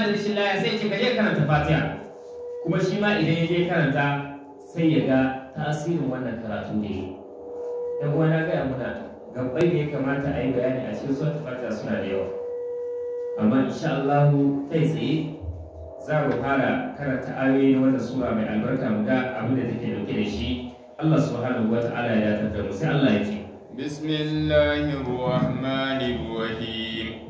fama da rashin laya sai ce ka je karanta fatiha kuma shi ma idan ya je karanta sai ya ga tasirin wannan karatu ne yan uwa na gaya muna gabbai da ya kamata a yi bayani a cikin suwar fatiha suna da yawa amma insha Allah kai tsaye za mu fara karanta ayoyi na wannan sura mai albarka mu ga abin da take dauke da shi Allah subhanahu wata'ala ya tabbata mu sai Allah ya ce bismillahir rahmanir rahim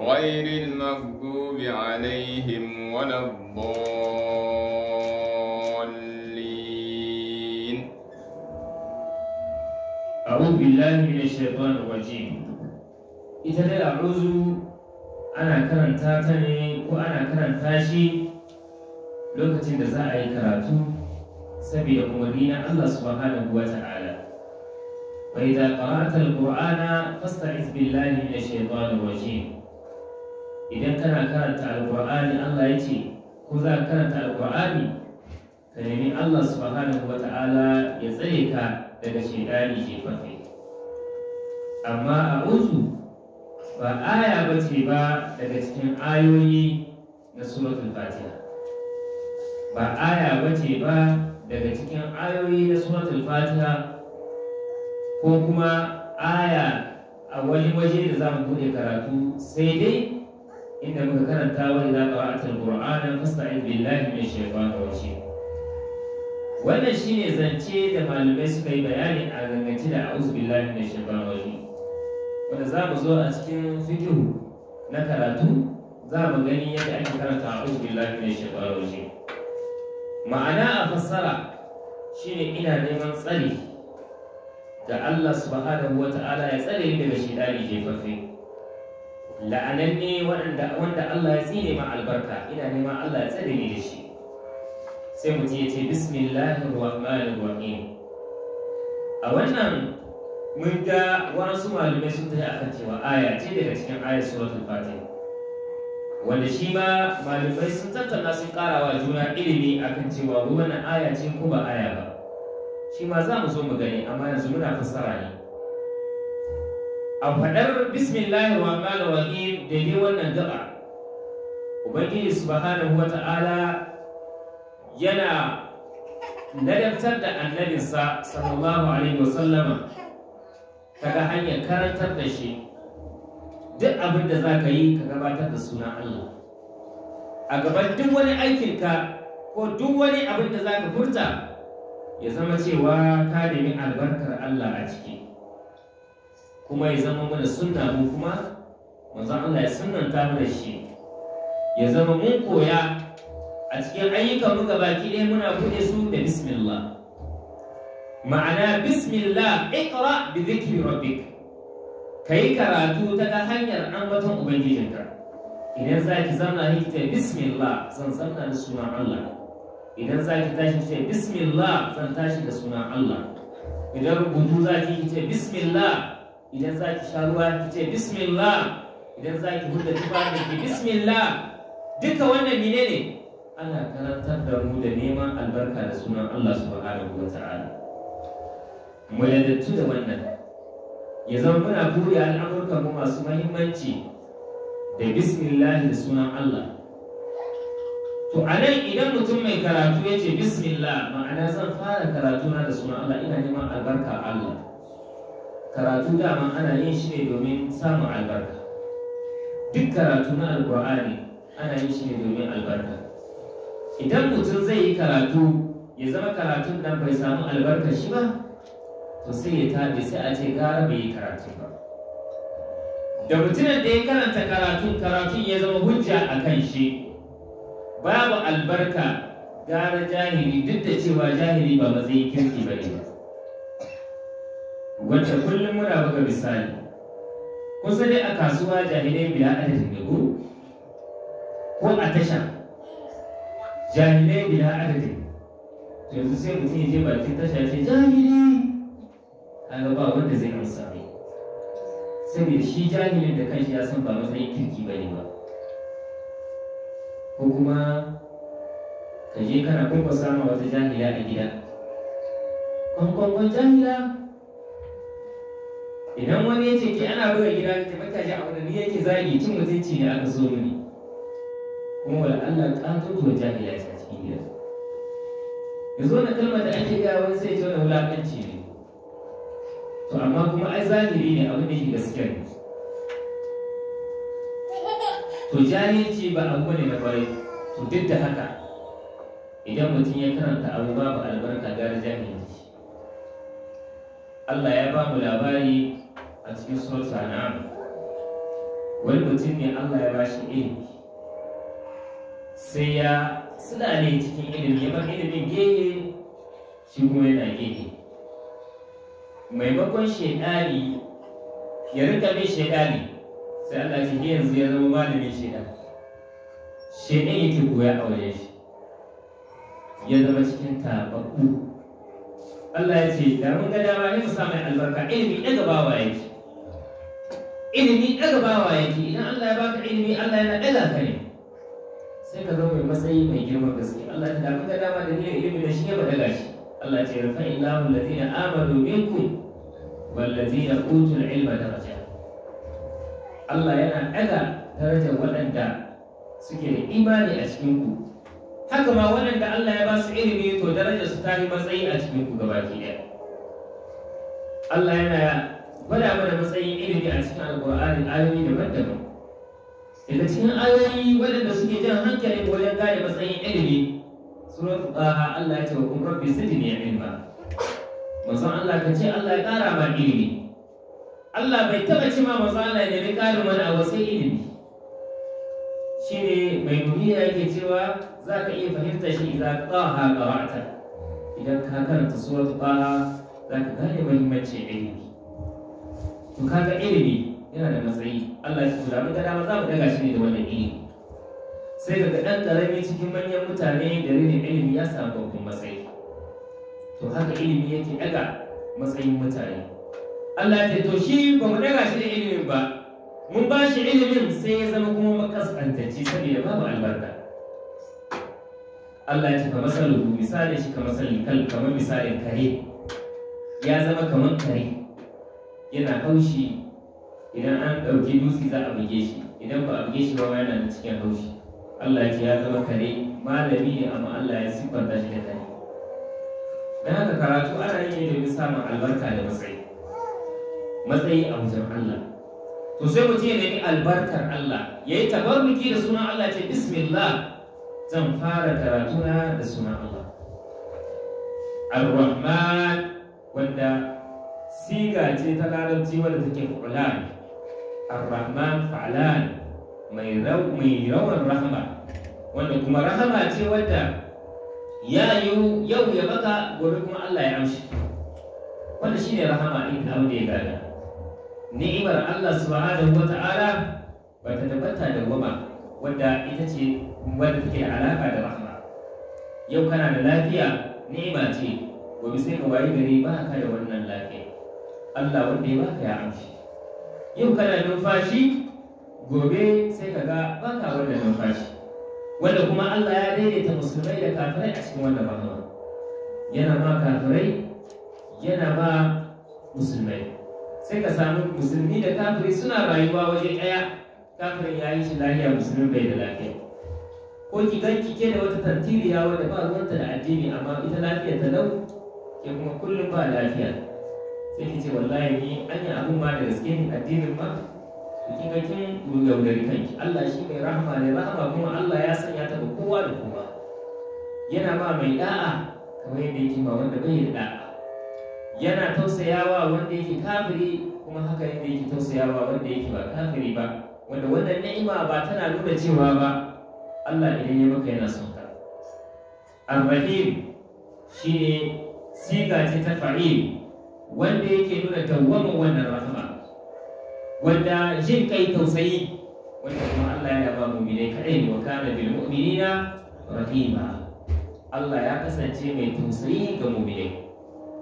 غير المغضوب عليهم ولا الضالين أعوذ بالله من الشيطان الرجيم ita dai a'uzu ana karanta ne ko ana karanta shi lokacin da za a yi karatu saboda umarni na Allah subhanahu wa ta'ala wa idza qara'ta al-qur'ana fasta'iz idan kana karanta alƙur'ani Allah ya ce ko za ka karanta alƙur'ani ka nemi Allah subhanahu wa ta'ala ya tsare ka daga shaidani jefafe amma a uzu ba aya ba ce ba daga cikin ayoyi na suratul fatiha ba aya ba ce ba daga cikin ayoyi na suratul fatiha ko kuma aya a wani waje da za mu buɗe karatu sai dai inda muka karanta wa idza qara'ta alqur'ana fasta'in billahi min shaytanir rajim wannan shine zance da malamai suka yi bayani a gangaci da a'udhu billahi min shaytanir rajim wanda za mu zo a cikin fikihu na karatu za mu gani yadda ake karanta a'udhu billahi min shaytanir rajim ma'ana a fassara shine ina neman tsari da Allah subhanahu wa ya tsare ni daga ke jefaffe la'ananne waɗanda wanda Allah ya tsine ma albarka ina neman Allah ya tsare ni da shi sai mutum ya ce bismillahir rahmanir rahim a wannan mun ga wasu malamai sun tafi akan cewa aya ce daga cikin ayar suratul fatiha wanda shi ma malamai sun tattauna sun karawa juna ilimi akan cewa ruwan aya ce ko ba aya ba shi ma za mu zo mu gani amma yanzu muna fassara ne a faɗar bismillahir rahmanir rahim da wannan gaba ubangiji subhanahu wata'ala yana ladabtar da annabinsa sallallahu alaihi wasallama kaga hanyar karantar da shi duk abin da za ka yi ka gabatar da suna Allah a gaban duk wani aikinka ko duk wani abin da za ka furta ya zama cewa ka nemi albarkar Allah a ciki kuma ya zama mana sunna mu kuma manzon Allah ya sunnanta mana shi ya zama mun koya a cikin ayyukan mu gabaki ɗaya muna buɗe su da bismillah ma'ana bismillah iqra bi dhikri rabbik kai karatu ta ta hanyar ambaton ubangijinka idan za ki zauna ki ce bismillah zan zauna da sunan Allah idan za ki tashi ki ce bismillah zan tashi da sunan Allah idan rubutu za ki ce bismillah idan za ki sha ruwa ki ce bismillah idan za ki huda tufafi ki bismillah duka wannan menene ana karantar da mu da neman albarka da sunan Allah subhanahu wa ta'ala mu ladattu da wannan ya zama muna buɗe al'amurkan mu masu muhimmanci da bismillah da sunan Allah to a nan idan mutum mai karatu ya ce bismillah ma'ana zan fara karatu na da sunan Allah ina neman albarka Allah karatu dama ana yin shi ne domin samun albarka duk karatu na alkur'ani ana yin shi ne domin albarka idan mutum zai yi karatu ya zama karatun nan bai samu albarka shi ba to sai ya tabi sai a ce gara bai yi karatu ba da mutumin da ya karanta karatu, karatun ya zama hujja a kan shi babu albarka gara jahili duk da cewa jahili ba yi kirki ba ne ba wacce kullum muna buga misali kusa dai a kasuwa jahilai bila adadin yabo ko a tasha jahilai bila adadin yanzu sai mutum ya je bakin tasha ya ce jahili a ba wanda zai amsa mai saboda shi jahilin da kanshi ya san ba matsayin kirki ba ne ba ko kuma ka je kana kuma sama wata jahila a gida kwankwankwan jahila idan wani ya ce ki ana buga gida ki tabbata shi abu da ni yake zagi cin mutunci ne aka so mini kuma wala Allah katoto jahila ce a cikin gida yanzu wannan kalma da ake gaya wani sai ce wani wulakanci ne to amma kuma ai zahiri ne abin da yake gaskiya ne to jahilci ba abu ne na kwarai to duk da haka idan mutum ya karanta abu babu albarka gara jahilci Allah ya ba mu labari a cikin sulta na wani mutum ne Allah ya ba shi ilimi sai ya suna ne cikin ilimi ya bar ilimin gehe shi kuma yana gehe maimakon shaidani ya rinka mai shaidani sai Allah ya ce yanzu ya zama malamin shaidani shaidan yake goya a wajen shi ya zama cikin tababbu Allah ya ce da mun ga dama ne mu sa mai albarka ilimi ɗaga bawa yake ilimi daga bawa yake idan Allah ya baka ilimi Allah yana ɗaga ka ne sai ka zama mai matsayi mai girma gaske Allah ya dafa ka dama da niyyar ilimi da shi ya bada shi. Allah ya ce rafa illahu alladhina amanu minkum walladhina utul ilma daraja Allah yana ɗaga darajar waɗanda suke da imani a cikin ku haka ma waɗanda Allah ya ba su ilimi to darajar su ta yi matsayi a cikin ku gabaki ɗaya Allah yana gwada mana matsayin ilimi a cikin alƙur'ani ayoyi daban-daban daga cikin ayoyi waɗanda suke jan hankali ko wajen gane matsayin ilimi suratul qaha Allah ya ce wa qur rabbi zidni Ba manzon Allah ka ce Allah ya ƙara ma ilimi Allah bai taɓa ce ma manzon Allah ya nemi ƙarin wani a wasu ilimi Shi ne mai duniya yake cewa za ka iya fahimta shi idan qaha qara'ta idan ka karanta suratul qaha za ka gane muhimmancin ilimi to kaga ilimi yana da matsayi Allah ya tura da ga dama za mu daga shi ne da wannan ilimi sai daga ɗan karami cikin manyan mutane da rinin ilimi ya samu babban matsayi to haka ilimi yake daga matsayin mutane Allah ya ce to shi ba mu daga shi da ilimi ba mun ba shi ilimin sai ya zama kuma makaskantacci saboda babu albarka Allah ya ce ka masalu misalin shi ka masalin kal kamar misalin kare ya zama kamar kare yana haushi idan an ɗauki dutse za a buge shi idan ba a buge shi ba yana da cikin haushi Allah ya ce ya zama kare malami ne amma Allah ya siffanta shi da kare don haka karatu ana yin ne domin samun albarka da matsayi matsayi a wajen Allah to sai mutum ya nemi albarkar Allah ya yi tabarruki da sunan Allah ce bismillah zan fara karatuna da sunan Allah ar-rahman wanda siga ce ta larabci wadda take fulan ar-rahman fa'lan mai rawan rahama wanda kuma rahama ce wadda ya yiwu yau ya baka gobe kuma Allah ya amshi wanda ne rahama in abin da ya gada ni'imar Allah subhanahu wa ta'ala ba ta tabbata da goma wadda ita ce wadda take da alaka da rahama yau kana da lafiya ni'ima ce gobe sai ka wayi gari ba ka da wannan lafiya Allah wanda ya baka ya amshi yau kana numfashi gobe sai ka ga baka wanda numfashi wanda kuma Allah ya daidaita musulmai da kafirai a cikin wannan bangaren yana ba kafirai yana ba musulmai sai ka samu musulmi da kafiri suna rayuwa waje ɗaya kafirin ya yi shi lahiya musulmin bai da lafiya ko ki ga kike da wata tantiriya wadda ba ruwanta da addini amma ita lafiya ta lau ke kuma kullum ba lafiya sai ki ce wallahi ni an yi abin ma da gaske ni addinin ma kin ga kin gaugari kanki Allah shi mai rahama ne rahama kuma Allah ya sanya ta ga kowa da kowa yana ba mai da'a kamar yadda yake ba wanda bai da da'a yana tausayawa wanda yake kafiri kuma haka yadda yake tausayawa wanda yake ba kafiri ba wanda wannan ni'ima ba tana nuna cewa ba Allah idan ya maka yana son ka ar-rahim shine siga ce ta fa'il wanda yake nuna dawwamin wannan rahama wanda jin kai tausayi wanda kuma Allah ya ba mu'minai kadai ne wa kana bil mu'minina rahima Allah ya kasance mai tausayi ga mu'minai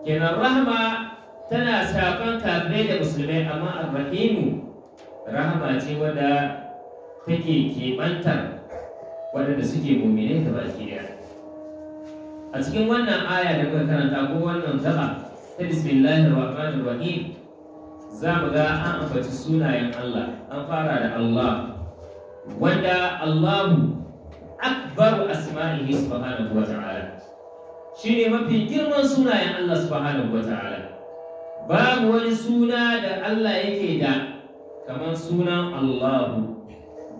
kenan rahama tana shafan kafirai da musulmai amma arrahimu rahama ce wadda take keɓantar waɗanda suke mu'minai gaba ki a cikin wannan aya da muka karanta ko wannan gaba ta bismillahir rahmanir rahim za mu ga an ambaci sunayen Allah an fara da Allah wanda Allahu akbar asma'ihi subhanahu wa ta'ala shine mafi girman sunayen Allah subhanahu wa ta'ala babu wani suna da Allah yake da kamar sunan Allahu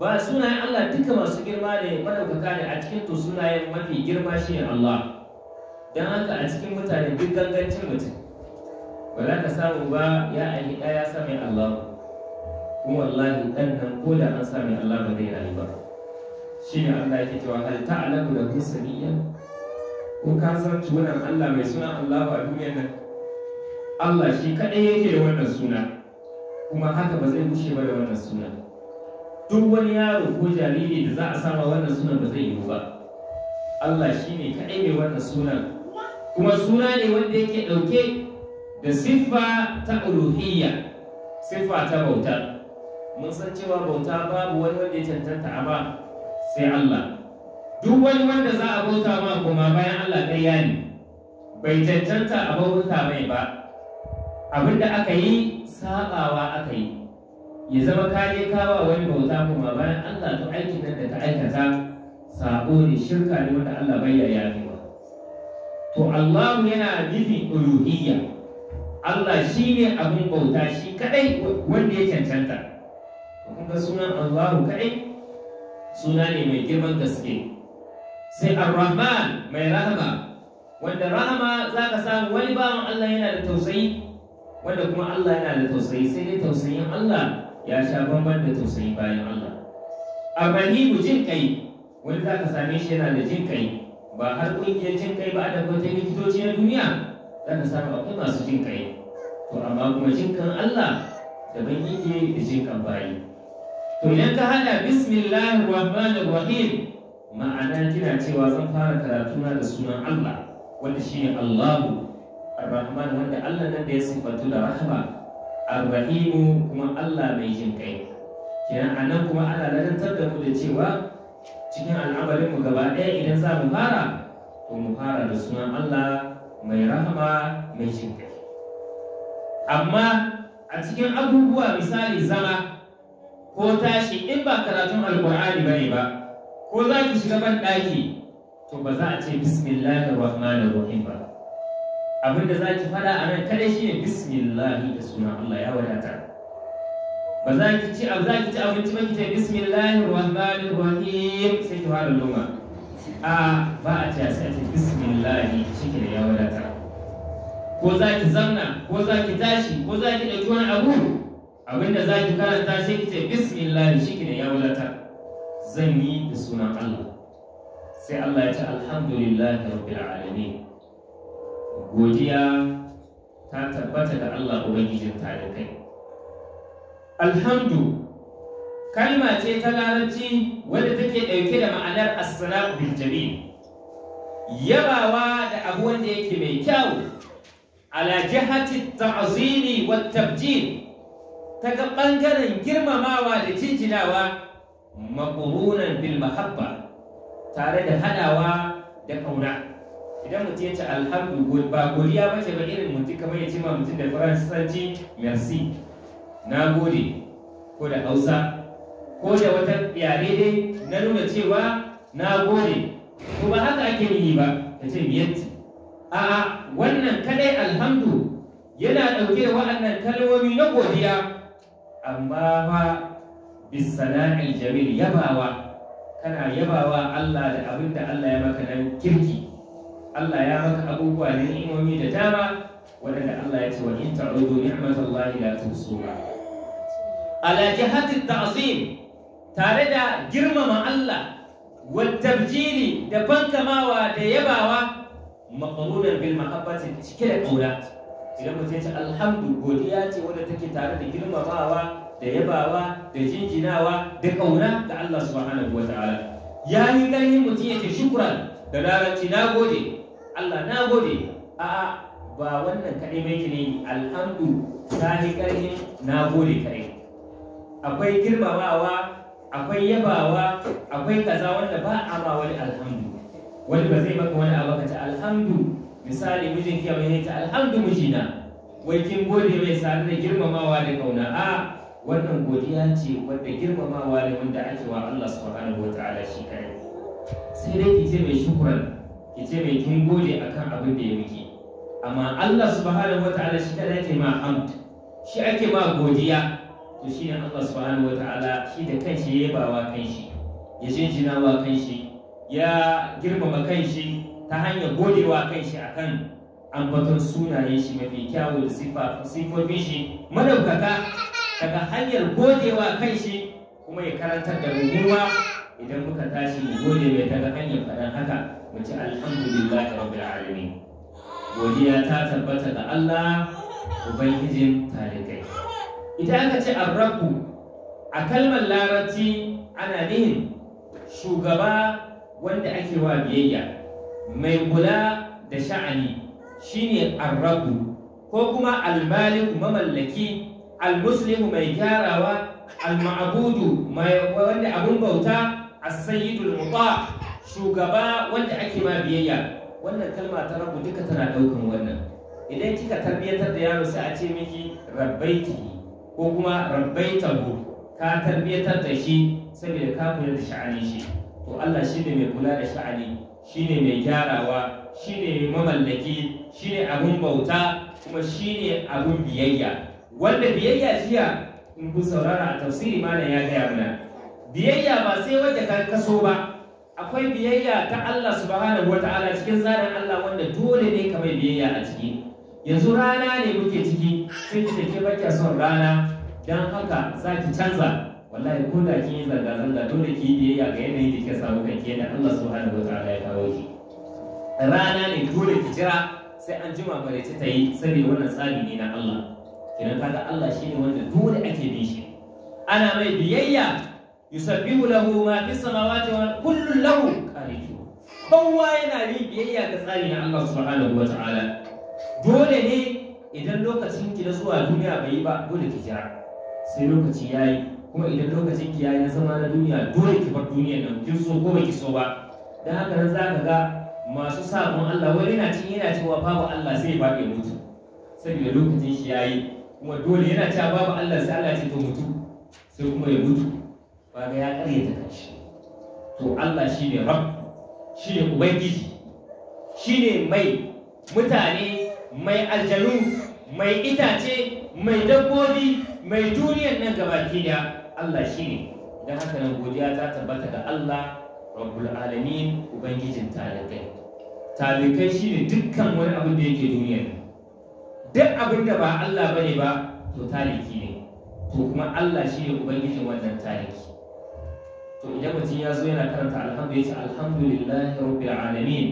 ba sunayen Allah duka masu girma ne madaukaka ne a cikin to sunayen mafi girma shine Allah dan haka a cikin mutane duk gangancin mutum ba za ka samu ba ya aiki ɗaya sa mai Allah kuma wallahi ɗan nan ko da an sa mai Allah ba zai rayu ba shi ne Allah yake cewa hal ta'lamu lahu samiyya ko ka san tunan Allah mai suna Allah a duniyar nan Allah shi kaɗai yake da wannan suna kuma haka ba zai bushe ba da wannan suna duk wani yaro ko jariri da za a sama wannan sunan ba zai yiwu ba Allah shi ne kaɗai mai wannan sunan kuma suna ne wanda yake ɗauke da siffa ta uluhiyya siffa ta bauta mun san cewa bauta babu wani wanda ya cancanta a ba sai Allah duk wani wanda za a bauta ma kuma bayan Allah ƙarya ne bai cancanta a bauta mai ba abinda aka yi saɓawa aka yi ya zama kare kawa wani bauta kuma bayan Allah ta aikin da ta aikata sabo ne shirka ne wanda Allah bai ya to Allah yana nufin uluhiyya Allah shi ne abin bauta shi kadai wanda ya cancanta kuma sunan Allah kadai suna ne mai girman gaske sai Ar-Rahman mai rahama wanda rahama za ka samu wani bawan Allah yana da tausayi wanda kuma Allah yana da tausayi sai dai tausayin Allah ya sha bamban da tausayi bayan Allah Abrahimu jin kai wani za ka same shi yana da jin kai ba har kungiyar jin kai ba da kwata likitoci na duniya dan saba akwai masu jin kai to amma kuma jin kan Allah daban yake da jin kan bayi to idan ka hada bismillahir rahmanir rahim ma'ana kina cewa zan fara karatu na da sunan Allah wanda shine Allahu Ar-Rahman wanda Allah nan da ya sifatu da rahma Ar-Rahim kuma Allah mai jin kai kenan anan kuma ana ladantar da mu da cewa cikin al'amarin mu gaba ɗaya idan za mu fara to mu fara da sunan Allah mai rahama mai jin kai amma a cikin abubuwa misali zama ko tashi in ba karatun alkur'ani bane ba ko za ki shiga ban ɗaki to ba za a ce bismillahir rahmanir rahim ba abin da za ki fada a nan kada shi ne bismillah da sunan Allah ya wadata ba za ki ci za ki ci abinci ba ki ce bismillahir rahmanir rahim sai ki fara luma a ba a ce sai a ce bismillahi shike ya wadata ko za ki zamna ko za ki tashi ko za ki ɗauki wani abu abinda za ki karanta shi ki ce bismillahi shike ya wadata zan yi da sunan Allah sai Allah ya ce alhamdulillahi rabbil alamin godiya ta tabbata da Allah ubangijin tare kai alhamdu kalma ce ta larabci wadda take ɗauke da ma'anar as-sana'u bil jamil yabawa da abu wanda yake mai kyau ala jihati ta'zimi wat tabjil ta ga bangaren girmamawa da jinjinawa maqurunan bil mahabba tare da hadawa da kauna idan mutum ya ce alhamdu ba godiya ba ce ba irin mutum kamar ya ce ma mutum da faransanci merci na gode ko da hausa ko da wata yare dai na nuna cewa na gode ko ba haka ake yi ba ta ce miyatti a'a wannan kadai alhamdu yana ɗauke da waɗannan kalmomi na godiya amma ba bisana jamil yabawa kana yabawa Allah da abin da Allah ya maka nan kirki Allah ya maka abubuwa da ni'imomi da dama waɗanda Allah ya ce wa in ta'udu ni'matallahi la tusuha ala jihati ta'zim tare da girmama Allah والتبجيل da bankamawa da yabawa maqrunan bil mahabbati cike da kaura idan mutum ya ce alhamdu godiya ce wadda take tare da girmamawa da yabawa da jinjinawa da kauna ga Allah subhanahu wa ta'ala ya yi ƙarfin mutum ya ce shukran da larabci na gode Allah na gode a ba wannan kaɗai mai ne alhamdu ta yi ƙarfin na gode kaɗai akwai girmamawa akwai yabawa akwai kaza wanda ba a ma wani alhamdu wani ba zai maka wani abu ta alhamdu misali mijin ya mai ta alhamdu mijina wai kin gode mai sare da girmamawa da kauna a wannan godiya ce wanda girmamawa ne wanda ake wa Allah subhanahu wataala shi kai sai dai ki ce mai shukran ki ce mai kin gode akan abin da ya miki amma Allah subhanahu wataala shi kai ake ma hamd shi ake ma godiya to shi ne Allah subhanahu wa ta'ala shi da kanshi ya wa kanshi ya jinjina wa kanshi ya girmama kanshi ta hanyar godewa kanshi akan ambaton sunayen shi mafi kyawun sifa sifofin shi madaukaka daga hanyar godewa kanshi kuma ya karantar da rubuwa idan muka tashi mu gode mai daga hanyar faɗan haka mu ci alhamdulillahi rabbil alamin godiya ta tabbata ga Allah ubangijin talibai idan aka ce arrabu a kalmar larabci ana nihin shugaba wanda ake wa biyayya mai kula da sha'ani shine arrabu ko kuma almaliku mamallaki almuslimu mai gyarawa alma'abudu wanda abun bauta as-sayyidul shugaba wanda ake ma biyayya wannan kalma ta rabu duka tana daukan wannan idan kika tarbiyyatar da yaro sai a ce miki rabbaitihi ko kuma rabbai rabbaitahu ka tarbiyatar da shi saboda ka kula da sha'ani shi to Allah shi ne mai kula da sha'ani shi ne mai gyarawa shi ne mai mamallaki ne abun bauta kuma shi ne abun biyayya wanda biyayya jiya in ku saurara a tafsiri malam ya gaya mana biyayya ba sai wanda ka kaso ba akwai biyayya ta Allah subhanahu wataala cikin tsarin Allah wanda dole ne ka mai biyayya a ciki yanzu rana ne muke ciki sai ki take baki son rana dan haka za ki canza wallahi ko da kin yi zanga zanga dole ki yi biyayya ga yanayin da kika samu kanki yadda Allah subhanahu ta'ala ya kawo ki rana ne dole ki jira sai an jima bare ta yi saboda wannan tsari ne na Allah kiran kaga Allah shine wanda dole ake bin shi ana mai biyayya yusabbihu lahu ma fi samawati wa kullu lahu qanitu kowa yana yin biyayya ga tsari na Allah subhanahu ta'ala). dole ne idan lokacin ki na zuwa duniya bai yi ba dole ki jira sai lokaci ya yi kuma idan lokacin ki ya yi na zama na duniya dole ki bar duniya nan kin so ko ki so ba dan haka nan za ka ga masu sabon Allah wani yana cin yana cewa babu Allah sai ba ya mutu saboda lokacin shi ya yi kuma dole yana cewa babu Allah sai Allah ce to mutu sai kuma ya mutu ba ga ya karyata kanshi to Allah shi ne rab shi ne ubangiji shi ne mai mutane mai aljanu mai itace mai dabbobi mai duniyar nan gabaki da Allah shi ne. don haka nan godiya ta tabbata ga Allah rabbul alamin ubangijin talibai talibai ne dukkan wani abin da yake duniyar duk abin da ba Allah bane ba to taliki ne to kuma Allah shi ne ubangijin wannan taliki to idan mutum ya zo yana karanta alhamdu ya ce alhamdulillahi rabbil alamin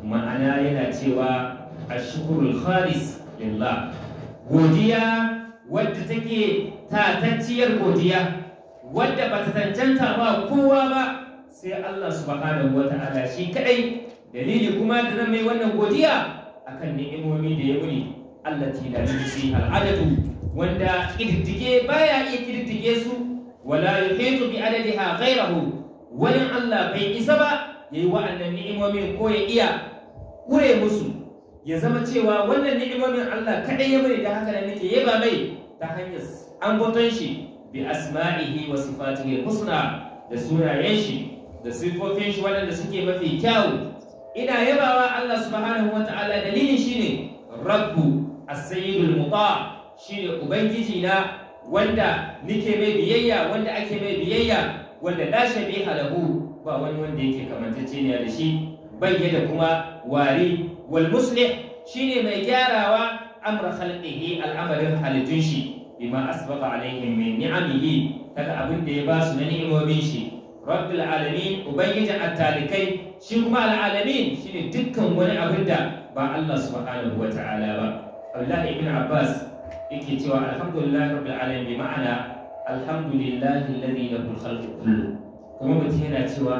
ma'ana yana cewa ashukurul khalis lillah godiya wadda take tatacciyar godiya wadda ba ta cancanta ba kowa ba sai Allah subhanahu wa ta'ala shi kadai dalili kuma da zan mai wannan godiya akan ni'imomi da ya muni Allah ti da nufi al'adatu wanda kididdige baya iya kididdige su wala yuhitu bi adadiha ghayrahu wani Allah bai isa ba yayi wa'annan ni'imomi ko ya iya kure musu ya zama cewa wannan ni'imomin Allah kaɗai ya bari da haka da nake yaba mai ta hanyar ambaton shi bi asma'ihi wa sifatihi husna da sunayen shi da sifofin shi waɗanda suke mafi kyau ina yabawa Allah subhanahu wa ta'ala dalilin shi ne rabbu as-sayyidul muta ne ubangiji na wanda nike mai biyayya wanda ake mai biyayya wanda la shabiha lahu ba wani wanda yake kamantacce ne da shi bayyana kuma wari wal muslih shine mai gyarawa amra khalqihi al'amarin halittun shi bima asbaqa mai min ni'amihi daga abin ya basu na ni'imomin shi rabbil alamin ubangijin attalikai shi kuma al'alamin shine dukkan wani abin da ba Allah subhanahu wa ta'ala ba Abdullahi ibn Abbas yake cewa alhamdulillah rabbil alamin ma'ana alhamdulillah alladhi lahu al-khalqu kullu kuma mutum yana cewa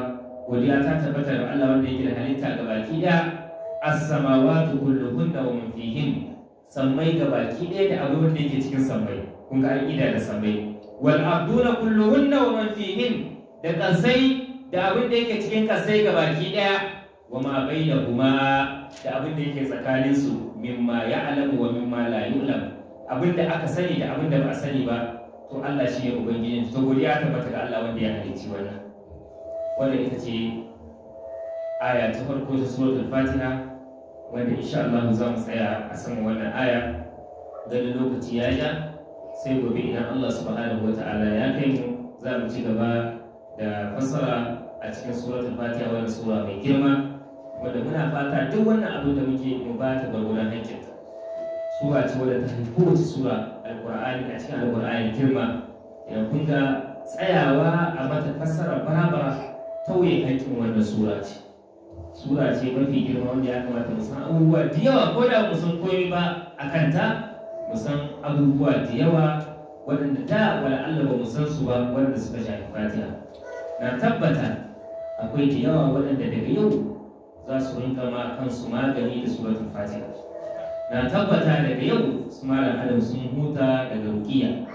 godiya ta tabbatar da Allah wanda yake da halitta gabaki daya as-samawati kulluhunna wa man fihin sammai ga baki ɗaya da abin da yake cikin sammai kun ga an ida da sammai wal abduna kulluhunna wa man fihin da kasai da abin da yake cikin kasai ga baki ɗaya wa ma bainahuma da abin da yake tsakanin su mimma ya'lamu wa mimma la yu'lam abin da aka sani da abin da ba a sani ba to Allah shi ne ubangijin to godiya tabbata ga Allah wanda ya halicci wannan wannan ita ce aya ta farko ta suratul fatiha wanda insha Allah za mu tsaya a saman wannan aya ganin lokaci ya ja sai gobe idan Allah subhanahu wata'ala ya kai mu za mu ci gaba da fassara a cikin suratul fatiha wannan sura mai girma wanda muna fata duk wannan abin da muke mu ba ta gwargwadon hankinta sura ce wadda ta kowace sura alqur'ani a cikin alqur'ani girma ya kun tsayawa a mata fassara barabara tauye hankin wannan sura ce sura ce mafi girma wanda ya kamata mu san abubuwa da yawa ko da mu san komai ba a kanta mu san abubuwa da yawa waɗanda da wala Allah ba mu san su ba waɗanda suka shafi Fatiha na tabbata akwai da yawa waɗanda daga yau za su rinka ma kansu magani da suratul Fatiha na tabbata daga yau su malam Adam sun huta daga rukiya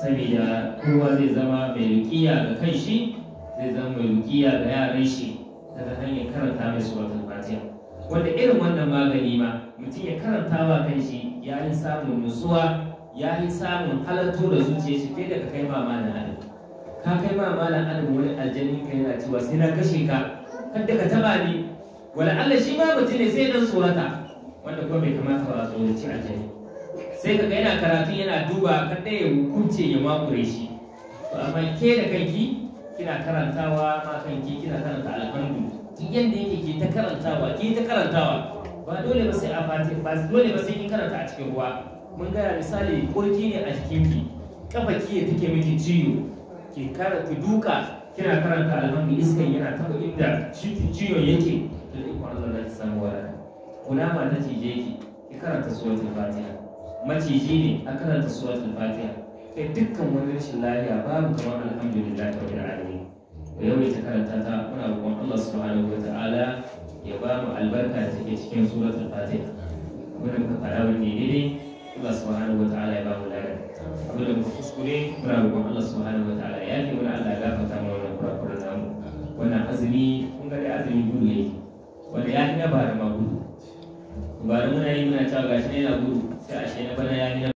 saboda kowa zai zama mai rukiya ga kanshi zai zama mai rukiya ga yaran shi daga hanyar karanta mai suratul fatiha wanda irin wannan magani ma mutum ya karanta wa kanshi ya yi samun nutsuwa ya samun halatto da zuciya shi fiye daga kai ma malam adam ka kai ma malam adam wani aljanin ka yana cewa sai na kashe ka kada ka taba ni wala Allah shi ma mutum ne sai dan tsorata wanda kuma bai kamata ba a tsoraci aljani sai ka yana karatu yana duba kada ya hukunce ya makure shi amma ke da kanki kina karantawa kan kanki kina karanta alhamdu duk yanda yake ke ta karantawa ke ta karantawa ba dole ba sai a fati ba dole ba sai kin karanta a cikin ruwa mun gaya misali kurki ne a jikinki kafa ki ya take miki ciwo ki kara ki duka kina karanta alhamdu iskan yana taba inda ciwon yake to in kwana Allah ta samu wala ma ta cije ki ki karanta suratul fatiha maciji ne a karanta suratul fatiha kai dukkan wani rashin lafiya babu kamar alhamdulillah ta wani alami da yawaita karanta ta muna roƙon Allah subhanahu wata'ala ya ba mu albarka da take cikin suratul fatiha abin da muka faɗa wani daidai Allah subhanahu wata'ala ya ba mu lada abin da muka kuskure muna roƙon Allah subhanahu wata'ala ya yi wani Allah ya gafarta mana wannan kurakuran namu wannan azumi kun ga dai azumi gudu yake wanda ya fi na bara ma gudu bara muna yi muna cewa gashi ne na gudu sai a shi na bana ya fi